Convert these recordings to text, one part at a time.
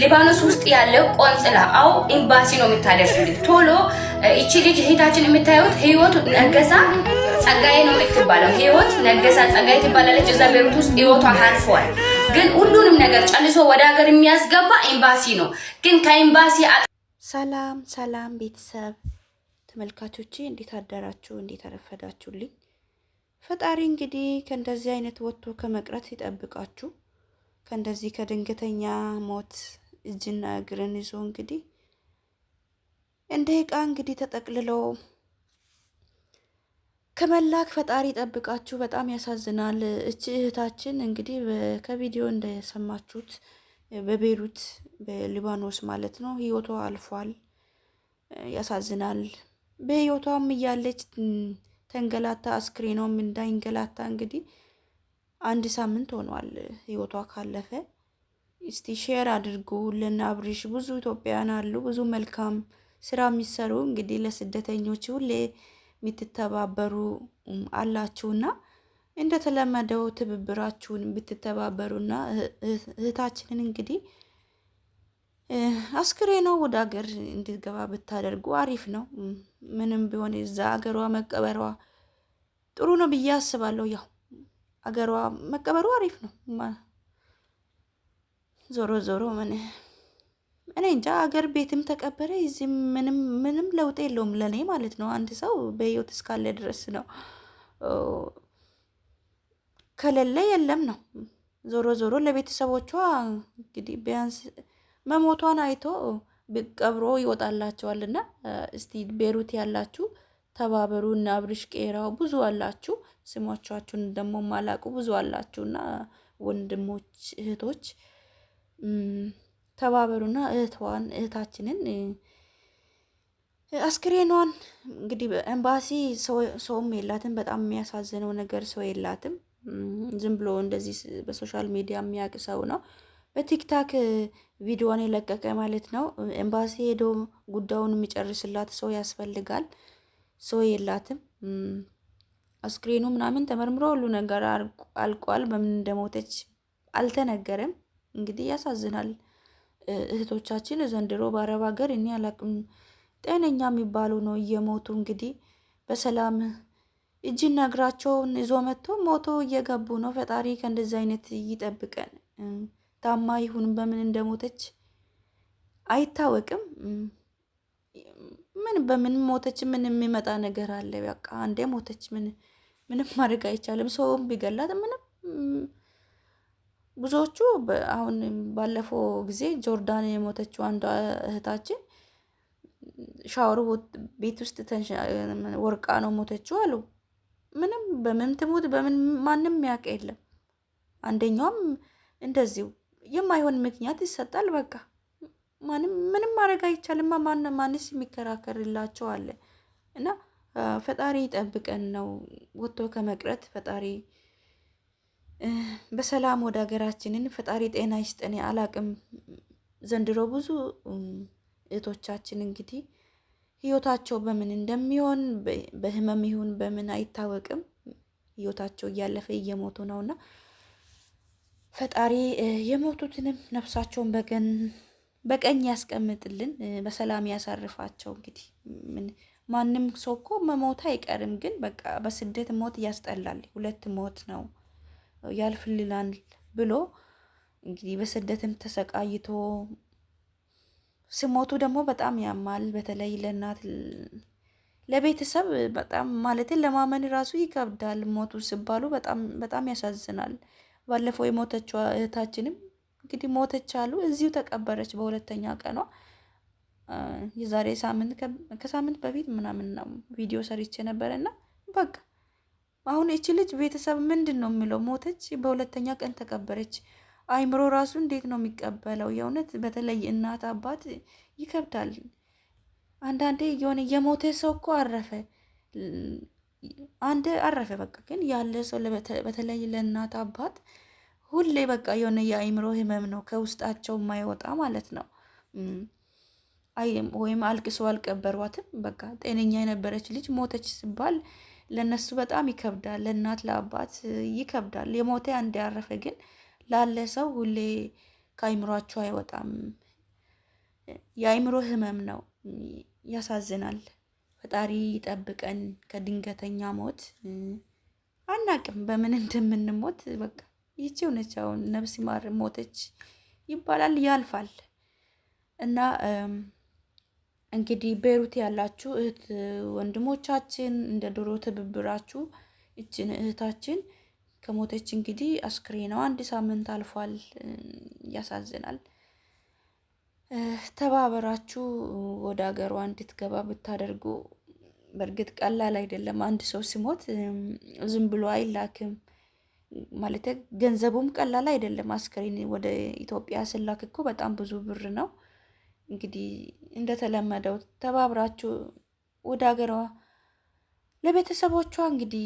ሊባኖስ ውስጥ ያለው ቆንጽላ አው ኤምባሲ ነው የምታደርሱልኝ። ቶሎ እቺ ልጅ እህታችን የምታዩት ህይወት ነገሳ ጸጋዬ ነው የምትባለው። ህይወት ነገሳ ጸጋዬ ትባላለች። እዛ ቤሩት ውስጥ ህይወቷ አልፏል። ግን ሁሉንም ነገር ጨልሶ ወደ ሀገር የሚያስገባ ኤምባሲ ነው። ግን ከኤምባሲ ሰላም ሰላም፣ ቤተሰብ ተመልካቾቼ እንዴት አደራችሁ? እንዴት አረፈዳችሁልኝ? ፈጣሪ እንግዲህ ከእንደዚህ አይነት ወጥቶ ከመቅረት ይጠብቃችሁ ከእንደዚህ ከድንገተኛ ሞት እጅና እግርን ይዞ እንግዲህ እንደ ዕቃ እንግዲህ ተጠቅልለው ከመላክ ፈጣሪ ጠብቃችሁ። በጣም ያሳዝናል። እቺ እህታችን እንግዲህ ከቪዲዮ እንደሰማችሁት በቤሩት በሊባኖስ ማለት ነው ህይወቷ አልፏል። ያሳዝናል። በህይወቷም እያለች ተንገላታ አስክሬኗም እንዳይንገላታ እንግዲህ አንድ ሳምንት ሆኗል ህይወቷ ካለፈ እስቲ ሼር አድርጉ አብሪሽ ብዙ ኢትዮጵያውያን አሉ፣ ብዙ መልካም ስራ የሚሰሩ እንግዲህ ለስደተኞች ሁሌ የምትተባበሩ አላችሁና እንደተለመደው ትብብራችሁን ብትተባበሩና እህታችንን እንግዲህ አስክሬኗ ወደ ሀገር እንድትገባ ብታደርጉ አሪፍ ነው። ምንም ቢሆን እዛ ሀገሯ መቀበሯ ጥሩ ነው ብዬ አስባለሁ። ያው ሀገሯ መቀበሩ አሪፍ ነው። ዞሮ ዞሮ ምን እኔ እንጃ አገር ቤትም ተቀበረ እዚህም ምንም ምንም ለውጥ የለውም ለእኔ ማለት ነው። አንድ ሰው በህይወት እስካለ ድረስ ነው፣ ከሌለ የለም ነው። ዞሮ ዞሮ ለቤተሰቦቿ እንግዲህ ቢያንስ መሞቷን አይቶ ቀብሮ ይወጣላቸዋልና እስቲ ቤሩት ያላችሁ ተባበሩ እና አብርሽ ቄራው ብዙ አላችሁ፣ ስሞቻችሁን ደግሞ ማላቁ ብዙ እና ወንድሞች እህቶች ተባበሩና እህቷን እህታችንን አስክሬኗን እንግዲህ ኤምባሲ ሰውም የላትም። በጣም የሚያሳዝነው ነገር ሰው የላትም። ዝም ብሎ እንደዚህ በሶሻል ሚዲያ የሚያውቅ ሰው ነው በቲክታክ ቪዲዮን የለቀቀ ማለት ነው። ኤምባሲ ሄዶ ጉዳዩን የሚጨርስላት ሰው ያስፈልጋል። ሰው የላትም። አስክሬኑ ምናምን ተመርምሮ ሁሉ ነገር አልቋል። በምን እንደሞተች አልተነገረም። እንግዲህ ያሳዝናል። እህቶቻችን ዘንድሮ በአረብ ሀገር እኔ አላቅም ጤነኛ የሚባሉ ነው እየሞቱ እንግዲህ በሰላም እጅና እግራቸውን ይዞ መጥቶ ሞቶ እየገቡ ነው። ፈጣሪ ከእንደዚ አይነት ይጠብቀን። ታማ ይሁን በምን እንደሞተች አይታወቅም። ምን በምን ሞተች? ምን የሚመጣ ነገር አለ? በቃ አንዴ ሞተች። ምን ምንም ማድረግ አይቻልም። ሰውም ቢገላት ምንም ብዙዎቹ አሁን ባለፈው ጊዜ ጆርዳን የሞተችው አንዷ እህታችን ሻወር ቤት ውስጥ ወርቃ ነው ሞተችው አሉ። ምንም በምን ትሙት በምን ማንም ያውቅ የለም። አንደኛውም እንደዚሁ የማይሆን ምክንያት ይሰጣል። በቃ ማንም ምንም ማድረግ አይቻልማ። ማንስ የሚከራከርላቸው አለ እና ፈጣሪ ጠብቀን ነው ወጥቶ ከመቅረት ፈጣሪ በሰላም ወደ ሀገራችንን ፈጣሪ ጤና ይስጠን። አላቅም ዘንድሮ ብዙ እህቶቻችን እንግዲህ ህይወታቸው በምን እንደሚሆን በህመም ይሁን በምን አይታወቅም ህይወታቸው እያለፈ እየሞቱ ነውና ፈጣሪ የሞቱትንም ነፍሳቸውን በቀኝ ያስቀምጥልን፣ በሰላም ያሳርፋቸው። እንግዲህ ማንም ሰው እኮ መሞት አይቀርም፣ ግን በቃ በስደት ሞት ያስጠላል። ሁለት ሞት ነው። ያልፍልናል ብሎ እንግዲህ በስደትም ተሰቃይቶ ስሞቱ ደግሞ በጣም ያማል። በተለይ ለእናት ለቤተሰብ በጣም ማለት ለማመን ራሱ ይከብዳል። ሞቱ ሲባሉ በጣም በጣም ያሳዝናል። ባለፈው የሞተችው እህታችንም እንግዲህ ሞተች አሉ። እዚሁ ተቀበረች በሁለተኛ ቀኗ። የዛሬ ሳምንት ከሳምንት በፊት ምናምን ነው ቪዲዮ ሰርቼ ነበረ እና በቃ አሁን እቺ ልጅ ቤተሰብ ምንድን ነው የሚለው? ሞተች፣ በሁለተኛ ቀን ተቀበረች። አይምሮ ራሱ እንዴት ነው የሚቀበለው? የእውነት በተለይ እናት አባት ይከብዳል። አንዳንዴ የሆነ የሞተ ሰው እኮ አረፈ አንድ አረፈ በቃ። ግን ያለ ሰው በተለይ ለእናት አባት ሁሌ በቃ የሆነ የአይምሮ ህመም ነው ከውስጣቸው የማይወጣ ማለት ነው። ወይም አልቅሶ አልቀበሯትም። በቃ ጤነኛ የነበረች ልጅ ሞተች ሲባል ለነሱ በጣም ይከብዳል። ለእናት ለአባት ይከብዳል። የሞተ አንድ ያረፈ ግን ላለ ሰው ሁሌ ከአይምሯቸው አይወጣም። የአይምሮ ህመም ነው። ያሳዝናል። ፈጣሪ ይጠብቀን ከድንገተኛ ሞት። አናቅም በምን እንደምንሞት በቃ ይቺ ሆነች። አሁን ነፍስ ማር ሞተች ይባላል ያልፋል እና እንግዲህ ቤሩት ያላችሁ እህት ወንድሞቻችን እንደ ድሮ ትብብራችሁ እችን እህታችን ከሞተች እንግዲህ አስክሬናው አንድ ሳምንት አልፏል። ያሳዝናል። ተባበራችሁ ወደ ሀገሯ እንድትገባ ብታደርጉ። በእርግጥ ቀላል አይደለም። አንድ ሰው ሲሞት ዝም ብሎ አይላክም ማለት ገንዘቡም ቀላል አይደለም። አስክሬን ወደ ኢትዮጵያ ስላክ እኮ በጣም ብዙ ብር ነው። እንግዲህ እንደተለመደው ተባብራችሁ ወደ ሀገሯ ለቤተሰቦቿ እንግዲህ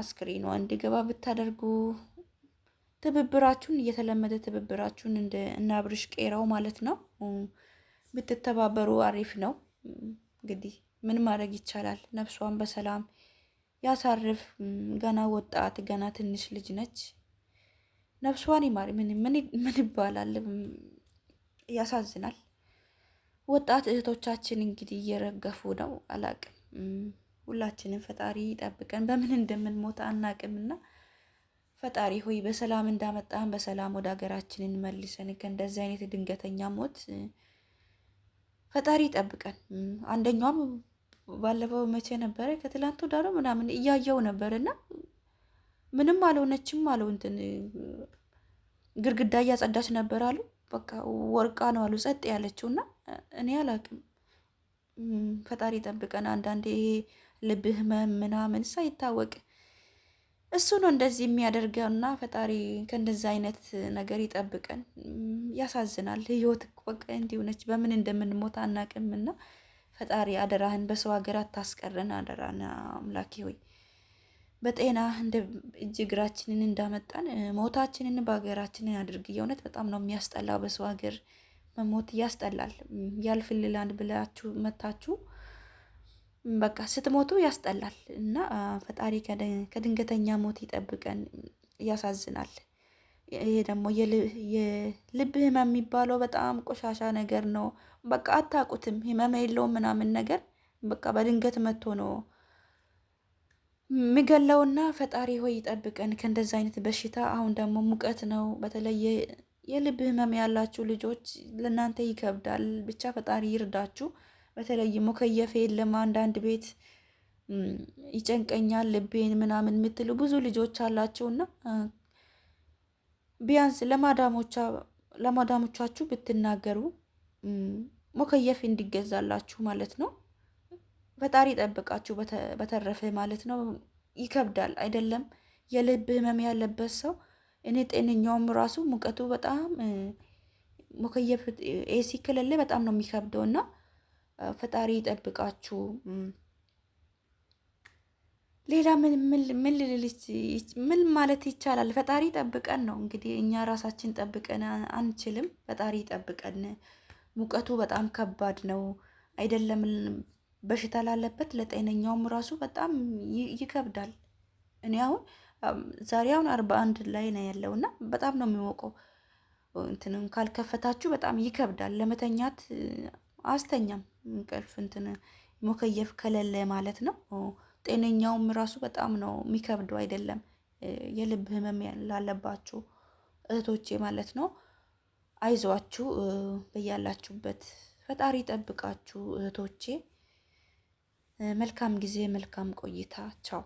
አስክሬኗ እንዲገባ ብታደርጉ ትብብራችሁን እየተለመደ ትብብራችሁን እንደ እና አብርሽ ቄራው ማለት ነው ብትተባበሩ አሪፍ ነው። እንግዲህ ምን ማድረግ ይቻላል? ነፍሷን በሰላም ያሳርፍ። ገና ወጣት ገና ትንሽ ልጅ ነች። ነፍሷን ይማር። ምን ይባላል? ያሳዝናል። ወጣት እህቶቻችን እንግዲህ እየረገፉ ነው። አላቅም ሁላችንም ፈጣሪ ይጠብቀን። በምን እንደምንሞት አናቅምና ፈጣሪ ሆይ በሰላም እንዳመጣን በሰላም ወደ ሀገራችን እንመልሰን። ከእንደዚህ አይነት ድንገተኛ ሞት ፈጣሪ ይጠብቀን። አንደኛውም ባለፈው መቼ ነበረ ከትላንቱ ዳሮ ምናምን እያየው ነበርና ምንም አልሆነችም አለው። እንትን እያጸዳች ነበር አሉ። በቃ ወርቃ ነው አሉ ጸጥ ያለችውና እኔ አላቅም። ፈጣሪ ጠብቀን። አንዳንዴ ይሄ ልብህ ምናምን ሳይታወቅ እሱ ነው እንደዚህ የሚያደርገውና ፈጣሪ ከእንደዚ አይነት ነገር ይጠብቀን። ያሳዝናል። ህይወት በቃ እንዲሁ ነች። በምን እንደምንሞት አናቅምና ፈጣሪ አደራህን በሰው ሀገር አታስቀረን። አደራን አምላኬ ሆይ በጤና እንደ እጅ እግራችንን እንዳመጣን ሞታችንን በሀገራችንን አድርግ። የእውነት በጣም ነው የሚያስጠላው በሰው ሀገር መሞት ያስጠላል። ያልፍልላንድ ብላችሁ መታችሁ በቃ ስትሞቱ ያስጠላል እና ፈጣሪ ከድንገተኛ ሞት ይጠብቀን። ያሳዝናል። ይሄ ደግሞ የልብ ህመም የሚባለው በጣም ቆሻሻ ነገር ነው። በቃ አታውቁትም፣ ህመም የለውም ምናምን ነገር በቃ በድንገት መጥቶ ነው ምገለውና ፈጣሪ ሆይ ይጠብቀን ከእንደዚ አይነት በሽታ። አሁን ደግሞ ሙቀት ነው በተለየ የልብ ህመም ያላችሁ ልጆች ለእናንተ ይከብዳል። ብቻ ፈጣሪ ይርዳችሁ። በተለይ ሙከየፍ የለም አንዳንድ ቤት ይጨንቀኛል ልቤን ምናምን የምትሉ ብዙ ልጆች አላችሁና ቢያንስ ለማዳሞቻችሁ ብትናገሩ ሞከየፍ እንዲገዛላችሁ ማለት ነው። ፈጣሪ ጠብቃችሁ በተረፈ ማለት ነው። ይከብዳል አይደለም የልብ ህመም ያለበት ሰው እኔ ጤነኛውም ራሱ ሙቀቱ በጣም ሙከየፍ ኤሲ ክልል በጣም ነው የሚከብደው። እና ፈጣሪ ይጠብቃችሁ። ሌላ ምን ምን ማለት ይቻላል? ፈጣሪ ጠብቀን ነው እንግዲህ። እኛ ራሳችን ጠብቀን አንችልም። ፈጣሪ ጠብቀን ሙቀቱ በጣም ከባድ ነው አይደለም? በሽታ ላለበት ለጤነኛውም ራሱ በጣም ይከብዳል። እኔ አሁን ዛሬ አሁን አርባ አንድ ላይ ነው ያለው እና በጣም ነው የሚሞቀው። እንትንን ካልከፈታችሁ በጣም ይከብዳል ለመተኛት አስተኛም እንቅልፍ እንትን ሞከየፍ ከሌለ ማለት ነው። ጤነኛውም ራሱ በጣም ነው የሚከብደው አይደለም የልብ ህመም ላለባችሁ እህቶቼ ማለት ነው። አይዟችሁ በያላችሁበት ፈጣሪ ጠብቃችሁ እህቶቼ። መልካም ጊዜ፣ መልካም ቆይታ። ቻው